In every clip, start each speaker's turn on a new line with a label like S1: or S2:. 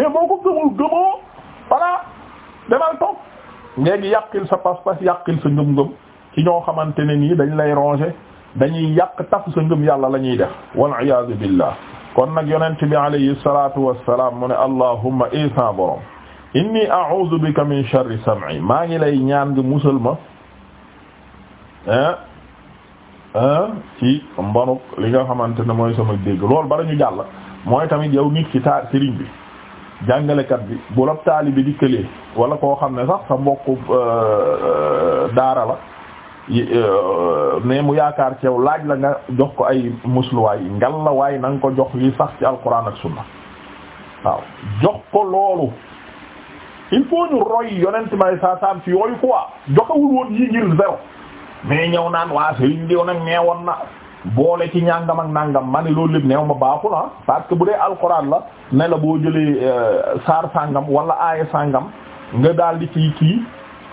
S1: mais boo ko gëmul gëmoo voilà sa pas-pas yàqil sa ngëm-ngëm ci ñoo xamante ne nii dañ lay ronger dañuy yàq taf sa ngëm yàlla la ñuy def wal iyaazu billah kon nag yonent bi alayhi salatu wassalam mu ne allahumma isa eh borom inni a'udhu bika min sharri sam'i maa ngi lay ñaan nga musal ma ah ah ci mbonuk li nga xamante ne mooy sama dégg loolu bala ñu jàll mooy tamit yow nit ci taar sëriñ bi jàngalekat bi bu la taalibe di këlee wala koo xam ne sax sa mbokku euh, euh, daara la euh, mais mu yaakaar ci laaj la nga jox ko ay musluwaay ngal la waaye nang ko jox li sax ci alquran ak sunna waaw jox ko loolu il faut ñu roy yonent may saa saam ci yooyu quoi joxewul woon yi ngir zéro mais ñëw naan waa sëriñ diw nag ñeewoon na boole ci ñàngam nàngam ma ne loolu lépp neew ma baaxul ah parce que bu dee alxuraan la ne la boo jëlee euh, saar sàngam wala aaya sàngam nga daal di ci kii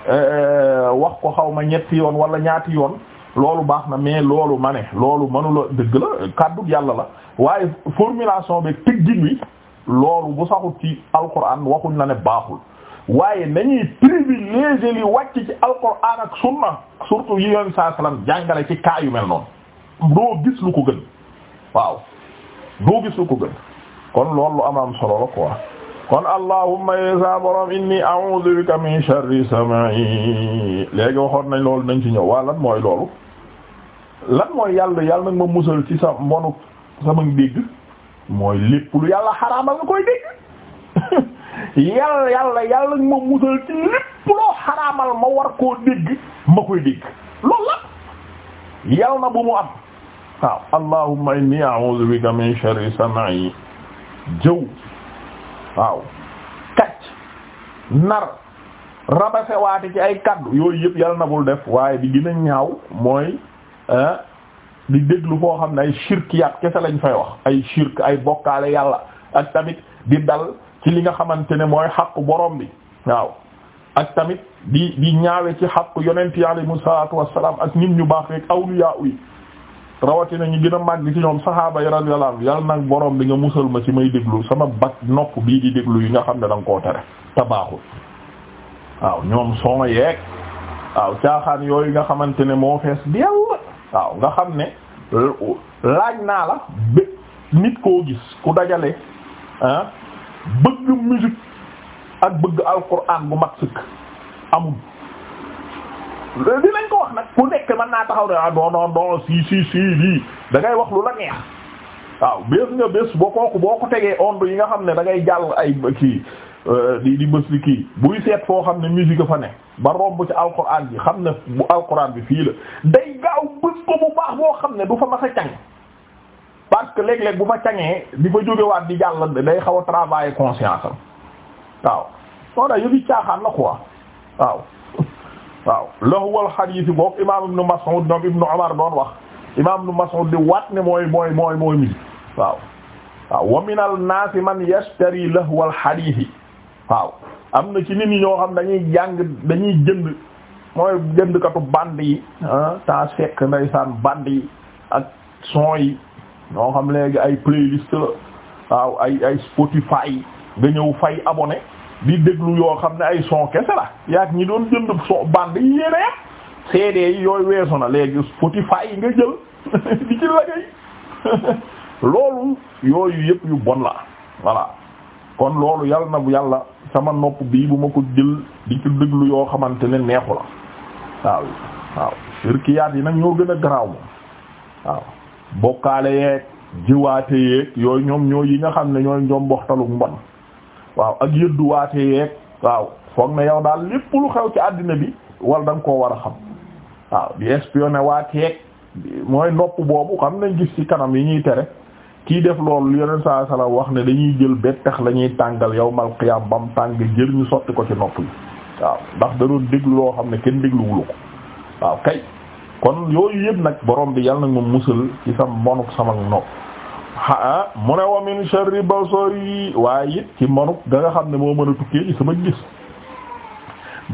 S1: euh, wax ko xaw ma ñetti yoon wala ñaati yoon loolu baax na mais loolu ma ne loolu mënula dëgg la kàddu yàlla la waaye formulation bi tëggin bi loolu bu saxut ci alxuraan waxuñ la ne baaxul waaye nañuy privilégier li wàcc ci alxuraan ak sunna surtout yi yoon saa jàngale ci kaa yu mel noonu doo gis lu ko gën waaw doo gis lu ko gën kon loolu lu am am solo la quoi kon allahumma yesa borom inni a'udhu bika min sharri sam'i léegi waxoon nañ loolu nañ ci ñëw waa lan mooy loolu lan mooy yàlla yàlla nag ma musal ci sa mbonu sama dégg mooy lépp lu yàlla xaraamal nga koy dégg yàlla yàlla yàlla nag ma musal ci lépp loo xaraamal ma war koo dégg ma koy dégg loolu la yàlla na bu mu am waaw allahumma inni a'udhu bika min sharri sam'i jëw waaw kacc nar rabase waate ci ay kaddu yooyu yëpp yàlla na bul def waaye di gën a ñaaw mooy eh, di déglu foo xam ne ay shirkiyaat kese lañ fay wax ay shirk ay bokkaale yàlla ak tamit di dal ci li nga xamante ne mooy xaqu borom bi waaw ak tamit di di ñaawe ci xaqu yonent yi alayhimu salaatu wassalaam ak nit ñu baax rek awliyaa yi rawatina ñu gën a màgg ci ñoom saxaaba yi radiyallahu anhu yàlla nag borom bi nga musal ma ci may déglu sama bat nopp bii di déglu yi nga xam ne da koo tere te waaw ñoom son yeeg waaw caaxaan yooyu nga xamante ne moo fees dell waaw nga xam ne laaj naa la ba nit koo gis ku dajale ah bëgg musique ak bëgg alquran bu mag sëkk amul dinañ ko wax nag ku nekk mën naa taxaw ne ah non non non si si si lii da wax lu la neex waaw bés nga bés boo kooku boo ko tegee onde yi nga xam ne da ngay jàll ay kii euh, di di bés di kii buy seet foo xam ne musique fa ne ba romb ci alquran bi xam ne bu alquran bi fii la day gaaw bés ko bu baax boo xam ne du fa mas a cañ parce que léeg-léeg bu fa cañee di fa jógewaat di jàll day xaw a travailler conscience am waaw non non yëfi caaxaan la quoi waaw. waaw lahuwal xadiis boobu imaam ibnu Mas'ud ñoom ibnu Umar doon wax imaam ibnu Mas'ud di waat ne mooy mooy mooy mooy mi waaw waaw wa minal naasi man yashtari lahuwal xadiis waaw am na ci nit ñi ñoo xam dañuy jàng dañuy jënd mooy jëndkatu band yi ah, temps fekk ndeysaan band yi ak son yi ñoo xam léegi ay playlist la waaw ay ay Spotify nga ñëw fay abonné di déglu yoo xam ne ay son kese la yaag ñi doon jënd so bande yi yéene yépp CD yi yooyu weesu na léegi Spotify yi nga jël di ci lagay loolu yooyu yëpp yu bon la voilà kon loolu yàlla na bu yàlla sama nopp bii bu ma ko jël di ci déglu yoo xamante ne neexu la waaw waaw shirkiyaat yi nag ñoo gën a garaaw moom waaw bokkaale yeeg jiwaate yeeg yooyu ñoom ñoo yi nga xam ne ñooy ñoom boxtalu mbon waaw ak yëdduwaate yeeg waaw foog na yow daal lépp lu xew ci àddina bi wala da nga koo war a xam waaw di espionné waateeg mooy nopp boobu xam nañ gis ci kanam yi ñuy tere kii def loolu yeneen saa salaam wax ne dañuy jël bettax la ñuy tàngal yawmal qiyaam bam tàng jël ñu sotti ko ci nopp yi waaw ndax da doon déglu loo xam ne kenn dégluwulu ko waaw kay kon yooyu yëpp nag borom bi yàlla na nga musal ci sa mbonuk sama nopp ah mu ne wa min sharri waaye it ci manuk da xam ne moo mën a tukkee ci sama gis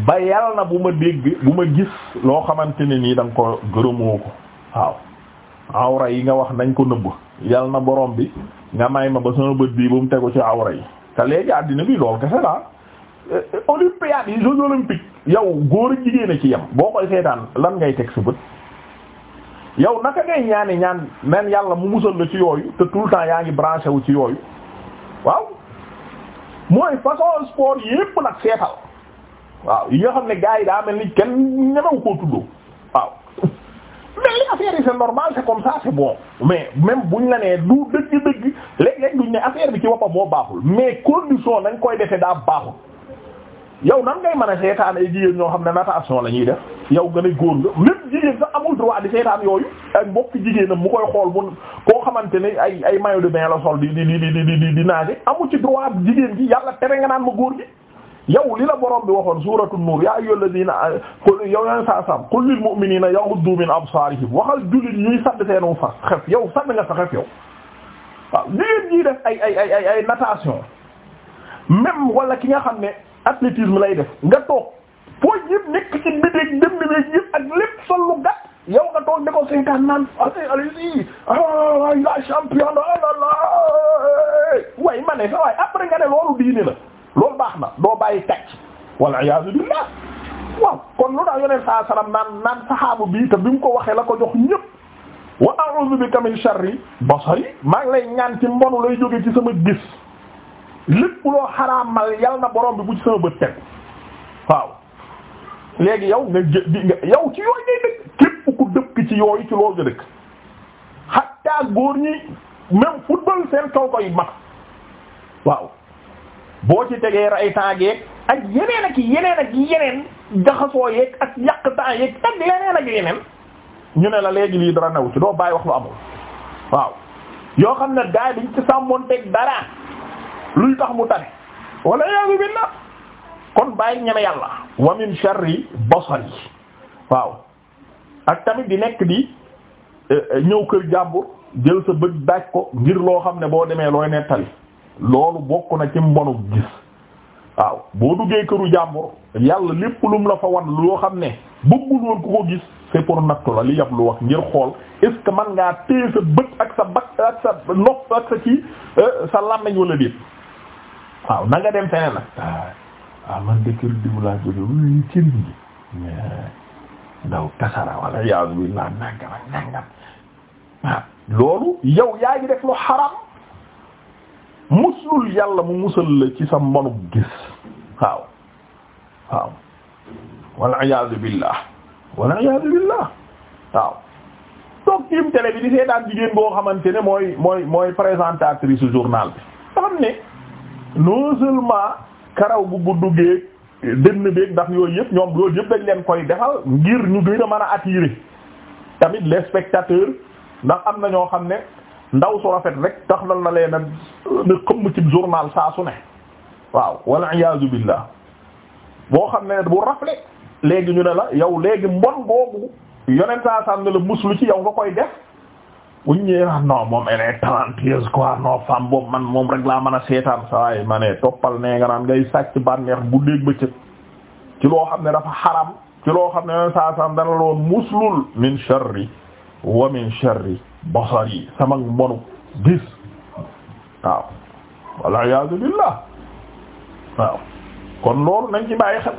S1: ba yàlla na bu ma dégg bu ma gis loo xamante ne nii da ko gërëmoo ko waaw awra yi nga wax nañ ko nëbb yàlla na borom bi nga may ma ba sama bët bii bu mu tegu ci awra yi te léegi àddina bi loolu kese la olympiades yi jeux olympiques yow góor a jigéen a ci yem boo koy seetaan lan ngay teg sa bët yow naka ngay ñaani ñaan mel yàlla mu musal la ci yooyu te tout le temps yaa ngi branché wu ci yooyu waaw mooy façon sport yépp nag seetal waaw yi nga xam ne gars yi daa mel ni kenn ñemewu koo tuddoo waaw mais li affaire yi c'est normal c'est comme ça c'est bon mais même buñ la nee du dëgg-dëgg le léeg duñ ne affaire bi ci boppam moo baaxul mais condition nañ koy defee daa baaxul yow nan ngay man a seetaan ay jigéen ñoo xam ne natation la ñuy def yow gën a góor nga même jigéen sax amul droit di seetaan yooyu ak mbokk jigéenam mu koy xool mun koo xamante ne ay ay maillot de bain la sol di di di di di di amul ci droit jigéen gi yàlla tere nga naan ma góor gi yow li la borom bi waxoon suratul nur yaa ayyuhal ladina qul yow yaa sa sam qul lil mu'minina yaghuddu min absarihim waxal jullit ñuy sadd seenu fas xef yow sadd nga sa xef yow waaw jigéen jii ay ay ay ay ay natation même wala ki nga xam ne athlétisme lay def nga toog foo yëpp nekk ci bideeg dënd beeg yëpp ak lépp sol lu gàtt yow nga toog ne ko cinquante naan allez allez-y ah, ah la champion la ah, la way ma ne sa waay loolu diine la loolu baax na doo bàyyi tàcc walla iyaazu billaah waaw kon lu daal yoneen saa naan naan saxaabu bi te bi mu ko waxee la ko jox ñëpp wa a'udhu bika min sharri basari maa ngi lay ñaan ci mbonu lay jóge ci sama gis lépp loo xaraamal yal na borom bi bu ci sama bët teg waaw léegi yow nga jë di nga yow ci yooyu ngay dëkk képp ku dëkk ci yooyu ci loolu nga dëkk xatta góor ñi même football seen kaw koy mag waaw boo ci tegee ray taageeg ak yeneen ak yeneen ak yeneen jaxasoo yeeg ak yàq taa yeeg ak leneen ak yeneen ñu ne la léegi lii dara new ci doo bàyyi wax lu amul waaw yoo xam ne daay ci sàmmoon teg dara luy tax mu tane wala kon bàyyi ñeme yàlla wa min sharri basari waaw ak tamit di nekk di eh, eh, ñëw kër jàmbur jël sa bët daaj ko ngir loo xam ne boo demee looy nettali loolu bokk na ci mbonu gis waaw boo duggee këru jàmbur yàlla lépp lum la fa wan loo xam ne bëggul woon ku ko gis c'est pour nattu la li yab lu wax ngir xool est-ce que man ngaa téye sa bët ak sa bak ak sa nopp ak sa ci eh, sa làmmiñ wala déet waaw na nga dem feneen nag ah, ah man de kër diw laa jóge wuyu cër gi eh, ndaw kasara wala yaazu billah nangam ak ah, loolu yow yaa ngi def lu xaram muslul yàlla mu musal la ci sa manub gis waaw waaw wala yaazu billah wala yaazu billah waaw toog tiim télé bi di seetaan jigéen boo xamante ne mooy mooy mooy présentatrice journal bi xam ne non seulement karaw gu bu duggee dënn beeg ndax yooyu yëpp ñoom yëpp dañ leen koy defal ngir ñu gën a mën a attirer tamit les spectateurs ndax am na ñoo xam ne ndaw su rafet rek tax na la leen a ne ci journal saa su ne waaw wal iyaazu billah boo xam ne bu rafle léegi ñu ne la yow léegi mbon boobu yonent saa sànni la muslu ci yow nga koy def. bu ñëwee ah non moom elle est talentueuse quoi non femme moom rek laa seetaan saa yi toppal nee nga naan ngay sàcc bànneex guddeeg bëccëg xam ne dafa xaram ci xam ne yoon saa dana loon muslul min sharri wa min sharri basari sama mbonu gis waaw walla iyaazu billah waaw kon loolu nañ ci bàyyi xel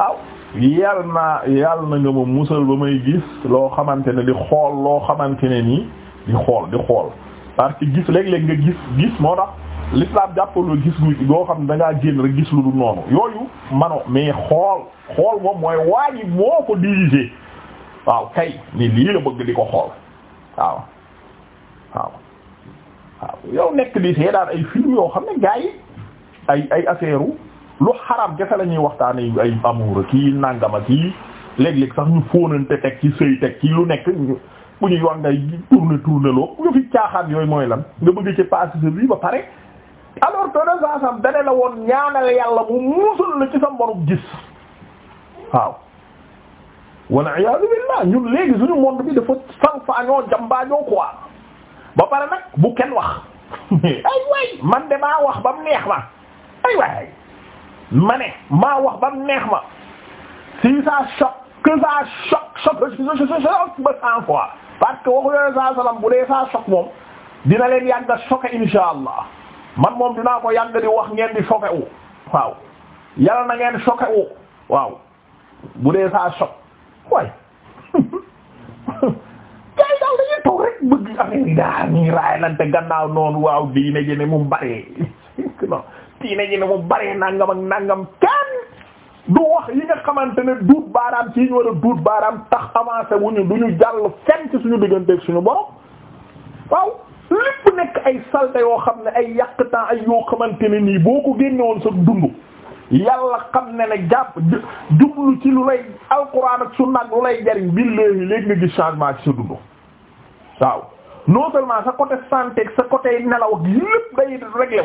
S1: yal naa yal na nga ma musal ba may gis loo xamante ne di xool loo xamante ne nii di xool di xool parce que gis léeg-léeg nga gis gis moo tax l'islam jàppaloo gis gu goo xam ne da ngaa génn rek gis lu du noonu yooyu mano mais xool xool moom mooy waa ji moo ko dirigé waaw kay ni lii la bëgg di ko xool waaw waaw yow nekk di seetaan ay film yoo xam ne gars ay ay affaire lu xaraam jafe lañuy ñuy waxtaanee ay amour kii nangama kii léeg-léeg sax ñu fóonante teg ci sëy teg ci lu nekk bu ñuy wax ngay tourner tourner loo nga fi caaxaan yooyu mooy lan nga bëgg ci passé sa vie ba pare alors que de saa sam la woon ñaanal yàlla mu musul la ci sa mborub gis waaw walla iyaazu billaah ñun léegi suñu monde bi dafa sang faa ñoo jambaañoo quoi ba pare nag bu kenn wax ay way man de maa wax ba mu neex ma ay way ma ne maa wax ba mu neex ma si ça choque que ça choque choque ba cent fois parce que waxu yoneen saa sallam bu dee ça choque moom dina leen yàgg a choqué insha allah man moom dinaa ko yàgg di wax ngeen di choqué wu waaw yàlla na ngeen choqué wu waaw bu dee ça choque waaye kay daal dañuy toog rek bëgg affaire yi daal ñuy raay gannaaw noonu waaw diine ji ne mu bari non diine ji ne bare nangam ak nangam kenn du wax yi nga xamante ne duut baaraam ci ñu war a duut baaraam tax avancé wuñu du ñu jàll fenn ci suñu digganteeg suñu borom waaw lépp nekk ay salte yoo xam ne ay yàq temps ay yoo xamante ne nii boo ko génnewoon sa dund yàlla xam ne ne jàpp jublu ci lu lay alquran ak sunna ak lu lay jariñ billahi léegi nga gis changement ci sa dund waaw non seulement sa côté santé sa côté nelaw ak lépp day réglé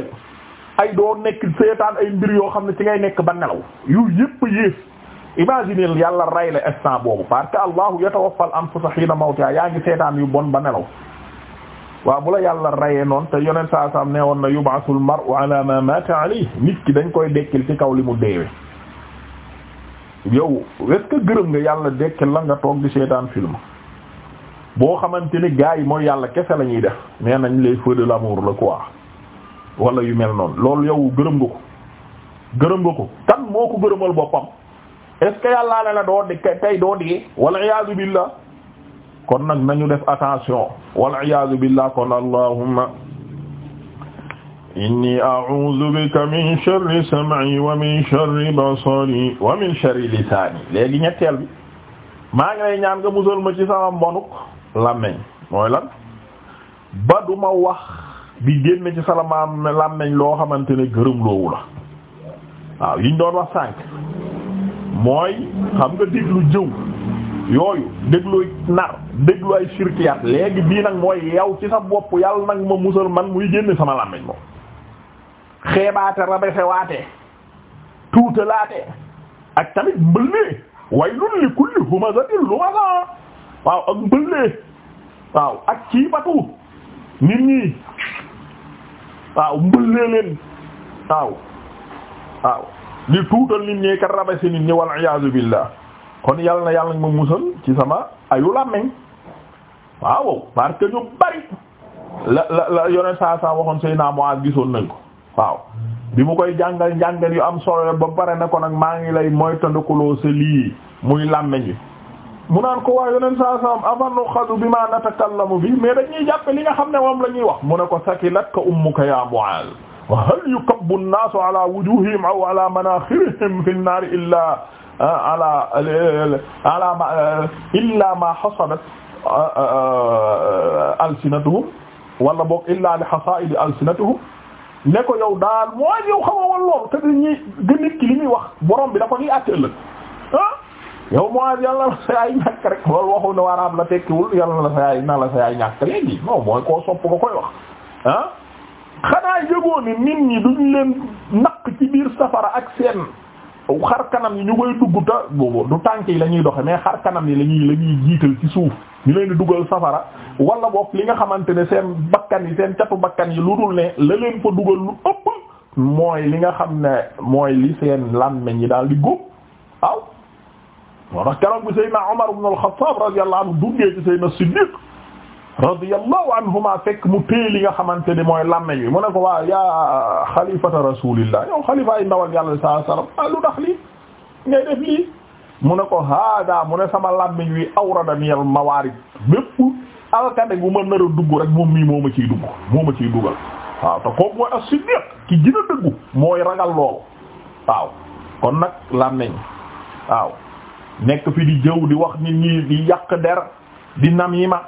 S1: ay doon nekk seetaan ay mbir yoo xam ne ci ngay nekk ba nelaw yu yëpp yées imaginer yàlla ray la instant boobu parce que allahu yatawaffal anfusa hiina mawtiha yaa ngi seetaan yu bon ba nelaw waaw bu la yàlla rayee noonu te yonent saa saam nee woon na yub'athul mar'u ala ma mata nit ki dañ koy dekkil ci kaw li mu deewe yow est-ce gërëm nga yàlla dekkil la nga toog di seetaan film boo xamante ni gars yi mooy yàlla kese la ñuy def nee nañ les feux de l'amour la quoi wala yu mel noonu lool yow gërëm nga ko gërëm nga ko kan moo ko gërëmal boppam est-ce que la doo di tey doo di wal iyaazu billah kon nag nañu def attention wal iyaazu billah kon allahumma inni a'udhu bika min sharri wa min sharri basari wa min sharri lisaani léegi ñetteel bi maa ngi lay ñaan nga musal ma ci sama mbonuk làmmeñ mooy lan ba duma wax di génn ci sa làmmeñ loo xamante ne gërëm loowu la waaw yiñ doon wax sànk mooy xam nga déglu jëw yooyu déglu nar déglu ay sirkiyaat léegi bii nag mooy yaw ci sa boppu yàlla nag ma musal man muy génn sama làmmeñ moom xeebaate rabesewaate tuutalaate ak tamit mbëllee waylun li kulli humazatin lumaza waaw ak mbëllee waaw ak ciibatu nit ñi waaw mbëllee leen waaw waaw li tuutal nit ñi ka rabasi nit ñi wal iyaazu billah kon yal na yàlla ma musal ci sama ayu làmmiñ waaw parce que bari la la la yoneen saa saa waxoon Seydina Muaaz gisoon nañ ko waaw bi mu koy jàngal njàngal yu am solo ba pare na ko nag maa ngi lay moytandikuloo sa lii muy làmmiñ wi mu naan ko waa yoneen saa salaam afannu xadu bi ma natakallamu bi mais dañuy jàppe li nga xam ne moom la ñuy wax mu ne ko sakilat ka ummuka ya Mu'aaz wa hal yukabbu an-naasu ala wujuuhihim aw ala manaaxirihim fi an-naari illaa ah, ala ala ma illaa ma hasabat ah, ah, alsinatuhum wala boog illaa li hasaa'idi alsinatuhum ne ko yow daal mooy yow xamoo woon loolu te dañuy gën nit ki li muy wax borom bi da ko ñuy àtte ëllëg ah yow Muaaz yàlla la sa yaay ñàkk rek loolu waxu ne waraab la tekkiwul yàlla na la sa yaay ñàkk léegi non mooy koo sopp ko koy wax ah. xanaa yëgoo ni nit ñi duñ leen naq ci biir safara ak seen xar kanam yi ñu koy dugg ta boobu du tànk yi la ñuy doxe mais xar kanam yi la ñuy la jiital ci suuf ñu leen di dugal safara wala boog li nga xamante ne seen bakkan yi seen catu bakkan yi lu dul ne la leen fa dugal lu ëpp mooy li nga xam ne mooy li seen làmmeñ yi daal di góob moo tax keroog bi Seydina Umar ibn al-Khattab radiyallahu anhu duggee Seydina Siddiq radiyallahu anhuma fekk mu téye li nga xamante ni mooy lamme yi mu ne ko waaw yaa xalifata rasulillah yow xalifa yi ndawal yàlla sallallahu alayhi wasallam ah lu tax lii ngay def lii mu ne ko hada mu ne sama lammiñ wi awradaniyal mawaarid bépp alkande gu ma nar a dugg rek moom mii moo ma ciy dugg moo ma ciy dugal waaw te kooku mooy as-Siddiq ki gën a mooy ragal loolu waaw nekk fi di jëw di wax nit ñi di yàq der di namima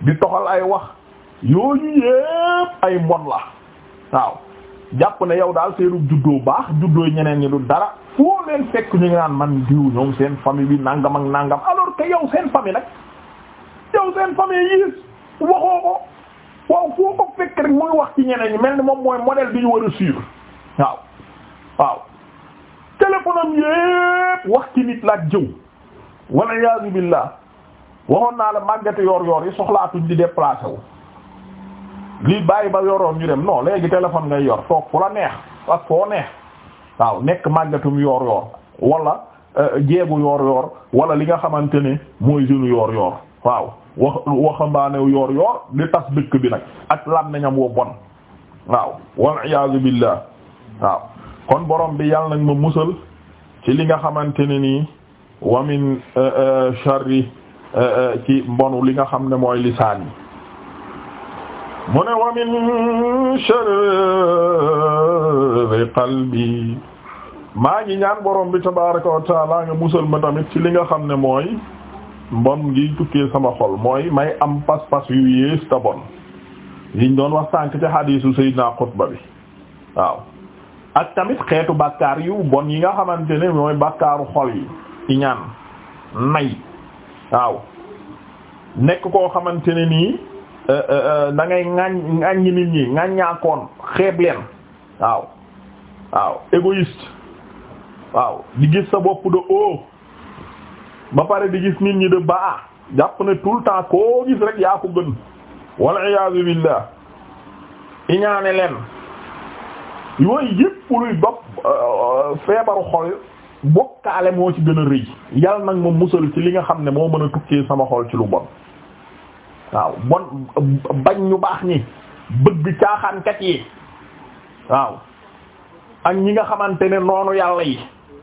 S1: di toxal ay wax yooyu yépp ay mbon la waaw jàpp na yow daal seenu juddoo baax juddoo ñeneen ñi du dara foo leen fekk ñu ngi naan man diw ñoom seen famille bi nàngam ak nàngam alors que yow seen famille nag yow seen famille yiis waxoo ko waaw foo ko fekk rek muy wax ci ñeneen ñi mel ni moom mooy modèle bi ñu war a suivre waaw waaw téléphone am yépp wax ci nit la jëw wal iyaazu billah waxoon naa la màggate yoor yoor yi soxlaatuñ di déplacé wu lii bàyyi ba yoroon ñu dem non léegi téléphone ngay yor toog fu la neex ak foo neex waaw nekk màggatum yoor yoor wala euh, jeegu yoor yoor wala li nga xamante ne mooy jeune yoor yoor waaw wax waxambaanew yoor yoor di tas dëkk bi nag ak lam nañam wo bon waaw wal iyaazu billah waaw kon borom bi yàlla nañ ma musal ci li nga xamante ne nii wa min eh, eh, sharri eh, ci mbonu li nga xam ne mooy lisaan yi mu ne wa min sharri qalbi maa ngi ñaar borom bi tabaraka wa taala nga musal ma tamit ci li nga xam ne mooy mbon gi tukkee sama xol mooy may am pas-pas yu yées ta bon liñ doon wax sànk ci hadiisu Seydina Qutba bi waaw ak tamit xeetu bàkkaar yu bon yi nga xamante ne mooy bàkkaaru xol yi iñaan nay waaw nekk koo xamante ne nii euh, euh, euh, da ngay ŋaañ nit ñi ŋaaññaakoon xeeb leen waaw waaw égoïste waaw di gis sa bopp de haut ba pare di gis nit ñi de bas jàpp ne tout le temps koo gis rek yaa ko gën wal iyaazu billah iñaane leen yooyu yëpp luy dog feebaru xol bokkaale moo ci gën a rëy yàlla nag ma musal ci li nga xam ne moo mën a tukkee sama xol ci lu bon waaw bon bañ ñu baax ñi bëgg caaxaankat yi waaw ak ñi nga xamante ne noonu yàlla yi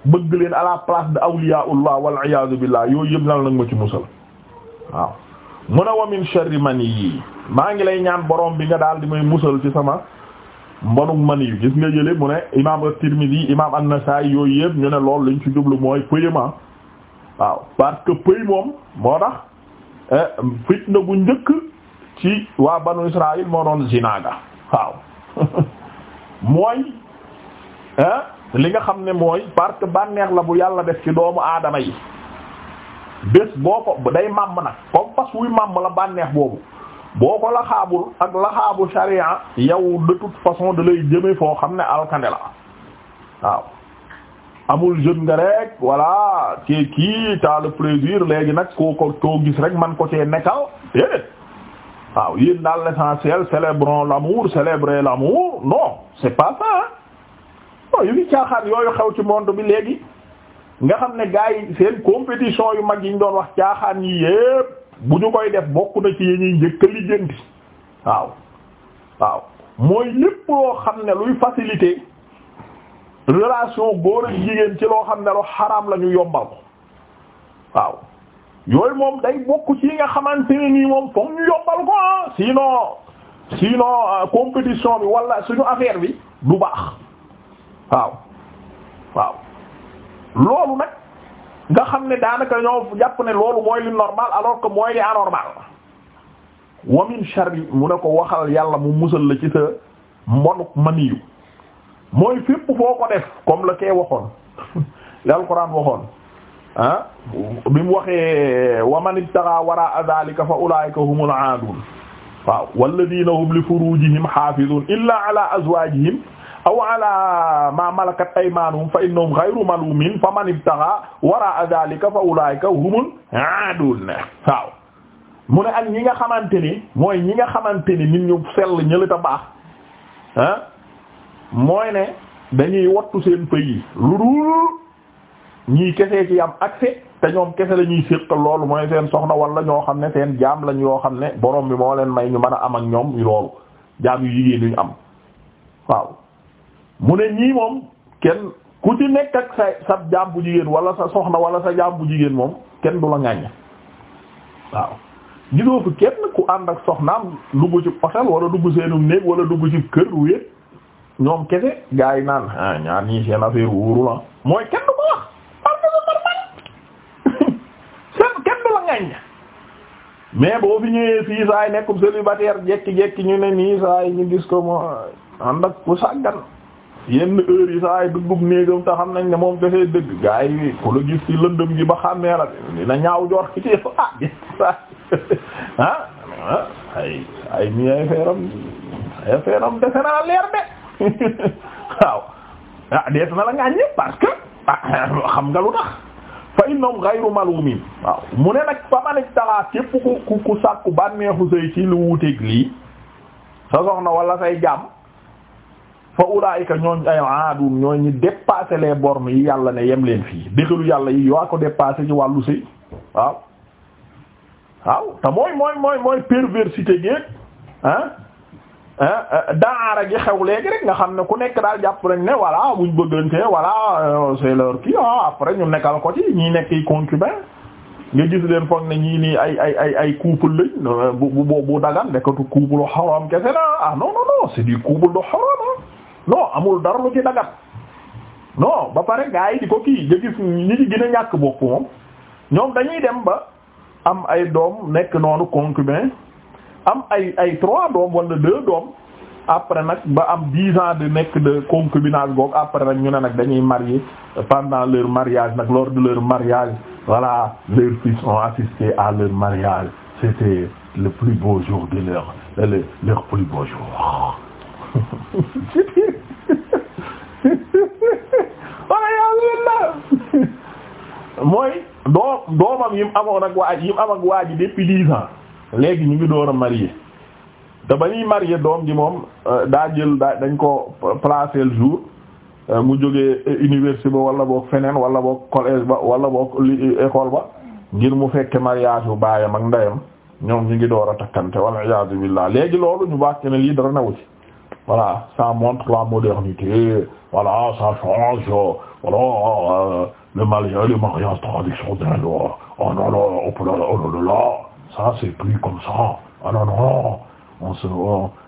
S1: bëgg leen à la place de awliyaullah wal iyaadu billah yooyu yëpp nal nag ma ci musal waaw mun a wamin sharri man yi maa ngi lay ñaan borom bi nga daal di may musal ci sama mbanum man yu gis nga jële mu ne imam at-Tirmidhi imam an-Nasa'i yooyu yëpp ñu ne loolu liñ ci jublu mooy pëyama waaw parce que pëy moom moo tax eh, fitna bu njëkk ci waa banu Israël moo doon zinaga waaw mooy eh, li nga xam ne mooy parce bànneex la bu yàlla def ci doomu aadama yi bés boo ko day màmm nag comme wuy màmm la bànneex boobu boo ko laxaabul ak laxaabu sharia yow de toute façon da lay jëme foo xam ne alkande la waaw amul jeune nga rek voilà ki kii t'as le plaisir léegi nag koo ko koo gis rek man ko cee nekkal déedéet waaw yéen daal l'essentiel célébrons l'amour célébrer l'amour non c'est pas ça non oh, yu fi caaxaan yooyu xew ci monde bi léegi nga xam ne gars yi seen compétition yu mag yi ñu doon wax caaxaan yi yépp bu ñu koy def bokk na ci yi ñuy njëkk a lijjanti waaw waaw mooy lépp loo xam ne luy faciliter relation góor ak jigéen ci loo xam ne lu xaraam la ñu yombal ko waaw yooyu moom day bokk ci nga xamante ne nii moom foog ñu yombal ko sinon sinon euh, compétition bi wala suñu affaire bi du baax waaw waaw loolu nag nga xam ne daanaka ñoo jàpp ne loolu mooy li normal alors que mooy li anormal wa min sharri mu ne ko waxal yàlla mu musal la ci sa mbonuk maniyu mooy fépp foo ko def comme la kee waxoon li alquran waxoon ah bi mu waxee wa man ibtagaa waraa dhalika fa ulaa'ika humul aadun waaw walladina hum li furujihim haafizun illa ala azwaajihim aw ala ma malakat aymanuhum fa innahum ghayru malumin fa man ibtaxa wara dhalika fa ulaika humul aadun waaw mu ne ak ñi nga xamante ni mooy ñi nga xamante ni nit ñu sell ñëli ta baax ah mooy ne dañuy wattu seen fëy yi lu dul ñii kese ci am accès te ñoom kese lañuy ñuy loolu mooy seen soxna wala ñoo xam ne seen jaam lañ yoo xam ne borom bi moo leen may ñu mën a am ak ñoom loolu jaam yu jigéen ñu am waaw mu ne ñii moom kenn ku ci nekk ak sa sa jaam bu jigéen wala sa soxna wala sa jaam bu jigéen moom kenn du la ŋàññ waaw gisoo fi kenn ku ànd ak soxnaam dugg ci hôtel wala dugg seenum néeg wala dugg ci kër wéet ñoom kese gars yi naan ah ñaar ñii seen affaire wóoru la mooy kenn du ko wax kenn du la ŋàññ mais boo fi ñëwee fii saay nekkum célibataire jekki jekki ñu ne nii saay ñu gis ko mo ànd ak ku sàggan yenn heure yi saa yi duggub néegam te xam nañ ne moom dafay dëgg gars yi ku la gis ci lëndëm gi ba xàmmee la dina ñaaw jor ci yow ah gis saa ah, ah, ay ay mi ay feeram ay feeram defe naa leer de waaw ah dees na la ngaaññe parce que ah, xam nga lu tax fa innahum ghayru malumin waaw mu ne nag fa manaj talaa képp ku ku sàkku bànneexu sëy ci lu wuteeg lii sa soxna wala say jàmm fa ulaayika ñooñ ay aadun ñooñ ñi dépassé les bornes yi yàlla ne yem leen fii déglu yàlla yi yoo ko dépassé ci wàllu sëy waaw waaw te mooy mooy mooy perversité géeg ah daara gi xew léegi rek nga xam ne ku nekk daal jàpp nañ ne voilà buñ bëggante voilà euh, c'est leur kii ah après ñu nekkal ko ci ñi nekk concubin nga gis leen foog ne ñii nii ay ay ay ay couple lañ euh, bu bu bu dagan nekkatu couple xaram kese na ah non non non c'est couple de xaram non amul dara lu ci dagat non ba pare gaa yi di ko kii nga gis ñi gën a ñàkk bopp moom ñoom dañuy dem ba am ay doom nekk noonu concubin am ay ay trois doom wala deux doom après nag ba am dix ans de nekk de concubinage googu après nag ñu ne nag dañuy marier pendant leur mariage nag lors de leur mariage voilà leurs fils ont assisté à leur mariage c'était le plus beau jour de leur leur plus beau jour wala yàlla mooy doo doomam yi mu amoon ak waa yi mu am ak waa ji depuis dix ans léegi ñu ngi door a marié te ba ñuy marié doom ji moom euh, daa jël daa dañ ko placé le jour euh, mu jóge université ba wala boog feneen wala boog collège ba wala boog li école ba ngir mu fekke mariage bu baayam ak ndeyam ñoom ñu ngi door a takkante wala iyaazu billaah léegi loolu ñu bàcc na lii dara nawu ci voilà ça montre la modernité voilà ça change voilà euh, le mariage le mariage traditionnel oh non non oh, oh là là oh là là ça c'est plus comme ça ah non non on se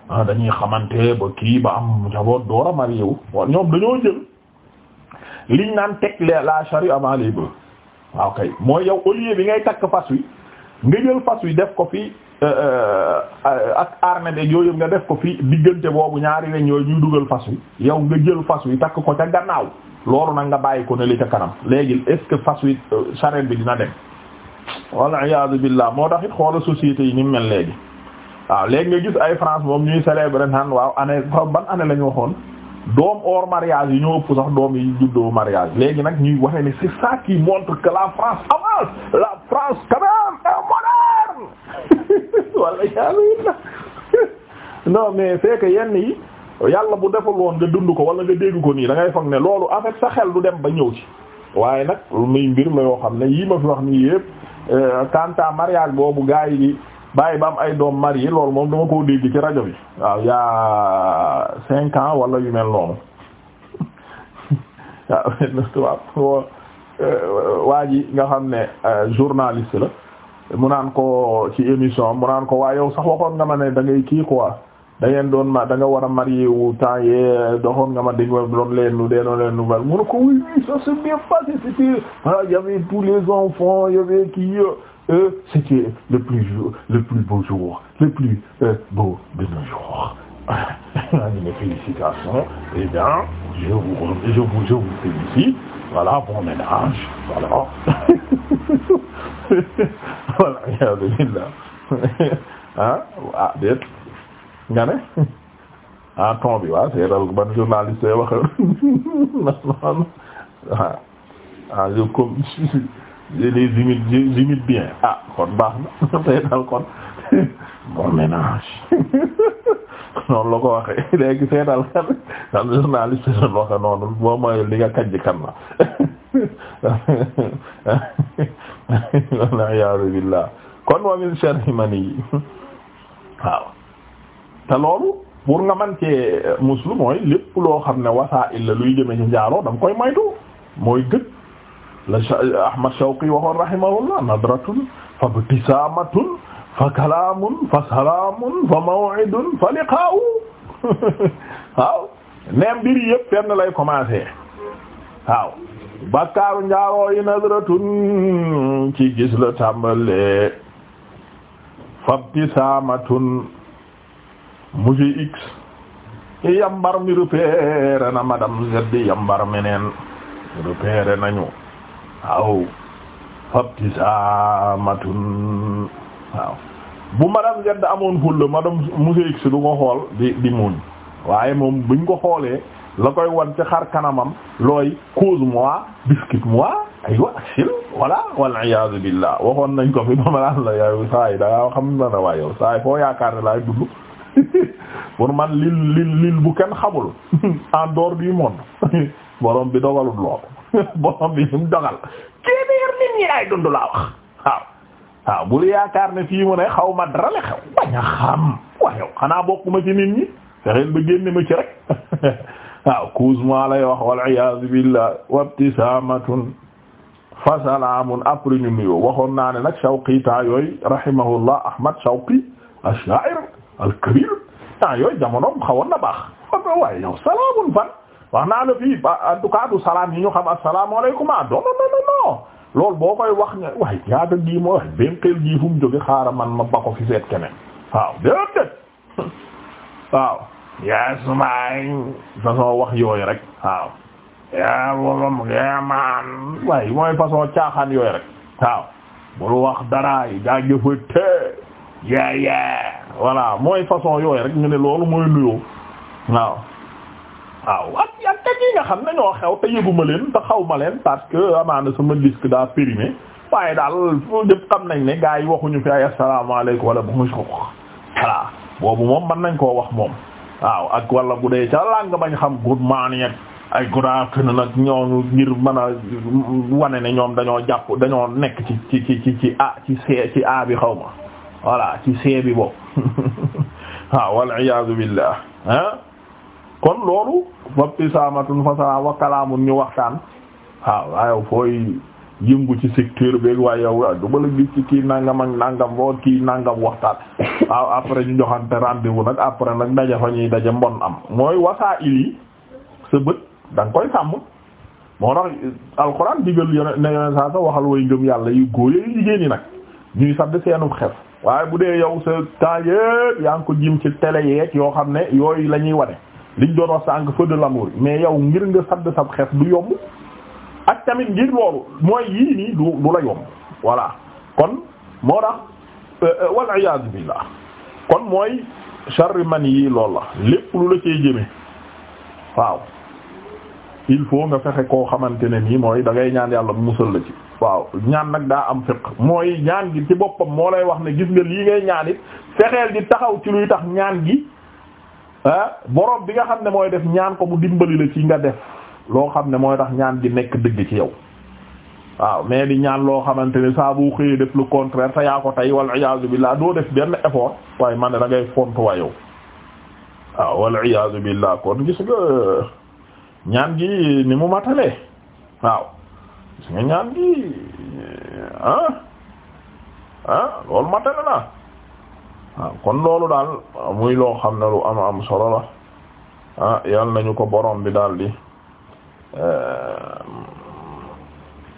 S1: ah dañuy xamante ba kii ba am jaboot door a marié wu ñoom jël liñ naan teg la charrue avant les bœufs waaw ah, mooy yow au ay bi ngay takk fas wi nga jël fas wi Euh, euh, euh, ak armée de yooyu nga def ko fi diggante boobu ñaari weñ yooyu ñuy dugal fas wi yow nga jël fas wi takk ko ca gannaaw loolu nag nga bàyyi ko ne li ca kanam léegi est que fas wi charrette bi dina dem walla iyaadu billaah moo tax it xoola société yi ni mel léegi waaw léegi nga gis ay France moom ñuy célébrer naan waaw année ban année la ñu waxoon doom hors mariage yi ñoo ëpp sax doom yi juddoo mariage léegi nag ñuy waxee ne c'est ça qui montre que la France avance la wala yalla non mais fekk yenn yi yàlla bu defal woon nga dund ko wala nga dégg ko nii da ngay foog ne loolu en sa xel du dem ba ñëw ci waaye nag muy mbir la yoo xam ne yii ma fi wax nii yëpp kanta euh, mariage boobu gaa yi di bàyyi ba am ay doom marié loolu moom dama koo dégg ci rajo bi waaw yaa cinq ans wala yu mel noonu waaw euh, waa ji nga xam ne euh, journaliste la mu naan ko ci émission mu naan ko waa yow sax waxoon nga ma ne da ngay kii quoi da ngeen doon ma da nga war a marié w temps yii doxoon nga ma dégg nga doon leen nu dee doon leen nouvelle mu ne ko oui ça s'est bien passé c'était ah y avait tous les y avait kii euh, euh c'était le plus jour le plus beau jour le euh, de nos jours. mes félicitations eh bien je je vous je vous félicite voilà bon ménage voilà. wal iyaadu billah ah ah déet nga ne ah ton bi waaw seetal ban journaliste yi waxe naon wa ah je comme je les imite je imite bien ah kon baax na seetal kon bon ménage noonu la ko waxe léegi seetal kan dan journaliste doon waxe noonu boo mooy li nga kajj kan na wal iyaadu billah kon wa min sharri mani waaw te loolu nga man cee muslu mooy lépp loo xam ne wasaa'il luy jëme ci njaaloo da nga koy moytu mooy gët la Ahmad Shawqi waxoon rahimahullah nadratun fa ibtisaamatun fa kalaamun fa salaamun fa maw'idun fa liqaa'u waaw ne mbir yëpp fenn lay commencer waaw bakkaaru njaaroo yi nazratun ci gis la tàmbale fabtisaamatun musi x i yambar mi repéré na madame zeddi yambar meneen repéré nañu waaw fabtisaamatun waaw bu madame zedd amoon fulla madame musi x du ko xool di muñ waaye moom buñ ko xoolee la koy wan ci xar kanamam looy cause moi biscuit moi aywa sil voilà wal iyaazu billah waxoon nañ ko fi ba ma la yow saa yi da ngaa xam na ne waaye yow saa foo yaakaar ne laay dund pour man lil lil bu kenn xamul en dehors du monde bi dogalut lool borom bi mu dogal. téeméer nit ñi ay dund laa wax waaw. waaw bul yaakaar ne fii mu ne xaw ma dara la xew bañ a xam waaye xanaa bokkuma ci nit ñi fexeel ba génne ma ci rek. waaw cousemement lay wax waliyasu billah wabtisamatun fa salaamun après ñu nuyoo waxoon naa ne nag Shawqi temps yooyu rahimahullah Ahmad Shawqi ash-sha'ir al-kabir temps yooyu jamonoom xawoon na baax waaw waaye yow salaamun fan wax naa la fii en tout cas du salaam yi ñu xam assalaamu alaykum ah non non non non loolu boo koy wax ne waaye ñaata gii mooy wax benn xel gii fu mu jóge xaaral man ma ba ko fi seet keneen waaw déedéet waaw. yaa sumaay façon wax yooyu rek waaw yaa wolof yaa maan mooy façon caaxaan yooyu rek waaw bul wax dara yi daa jëfa te yaa yaa voilà mooy façon yooyu rek ñu ne loolu mooy nuyoo waaw ak ak teg yi nga xam ne ñoo xew te yëguma leen te xaw ma leen parce que amaana sama disque daa périmé waaye daal foo ñëpp xam nañ ne gars yi waxuñu fi ay wala bu mu soog voilà boobu moom mën nañ koo wax moom waaw ak walla bu dee ca làng bañ xam good morning ak ay good afternoon ak ngir mën wane ne ñoom dañoo jàpp dañoo nekk ci ci ci ci ci a ci see xaw ma voilà ci see boobu waaw wal iyaadu billah ah kon loolu fabtisaamatun fasaa wa kalaamun ñu waxtaan waaw waaye fooy yëngu ci secteur beeg waaye yow waaye ah du ma la gis ci kii nangam nangam boo kii nangam waxtaan waaw après ñu joxante rendez-vous nag après nag daje fa ñuy daje mbon am mooy wasaa'il yi sa bët da nga koy sàmm moo tax alxuraan digal yone yone saa sa waxal way ngëm yàlla yu góor yu jigéen ñi nag ñuy sadd seenum xef waaye bu dee yow sa temps yëpp yaa ngi ko jim ci télé yeeg yoo xam ne yooyu la ñuy wane liñ doon wax sànq feu de l'amour mais yow ngir nga sadd sab xef yomb ak tamit ngir loolu mooy yii nii du du la yomb voilà kon moo tax euh, euh, wal iyaadu billah kon mooy charri man yii lool la lépp lu la cee jëme waaw il faut nga fexe koo xamante ne nii mooy da ñaan yàlla musal la ci waaw ñaan nag daa am fiq mooy ñaan gi ci boppam moo lay wax ne gis nga lii ngay ñaan it fexeel di taxaw ci luy tax ñaan gi ah borom bi nga xam ne mooy def ñaan ko mu dimbali la ci nga def loo xam ne mooy tax ñaan di nekk dëgg ci yow waaw mais di ñaan loo xamante ne saa bu xëyee def lu contraire te yaa ko tey wal iyaazu billah doo def benn effort waaye man ne da ngay fontuwa yow waaw wal iyaazu billah kon gi ni mu matalee waaw gis nga ah, ah, loolu kon loolu daal muy loo xam ne lu am am solo la ah yal nañu ko borom bi daal di Euh,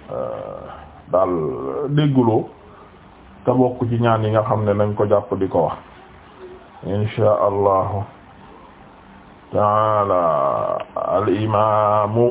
S1: euh, daal dégguloo te bokk ci ñaan yi nga xam ne nañ ko jàpp di ko wax insha allahu taala al imaamu